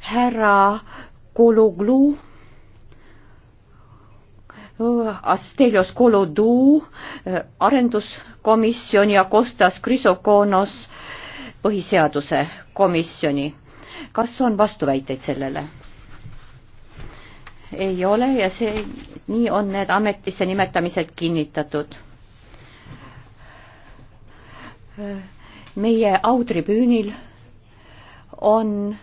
härra Kologlu, Astelios Kolodu arenduskomisjoni ja Kostas Krisokonos põhiseaduse komisjoni. kas on vastuväiteid sellele? ei ole ja see, nii on need ametisse nimetamised kinnitatud. meie autribüünil on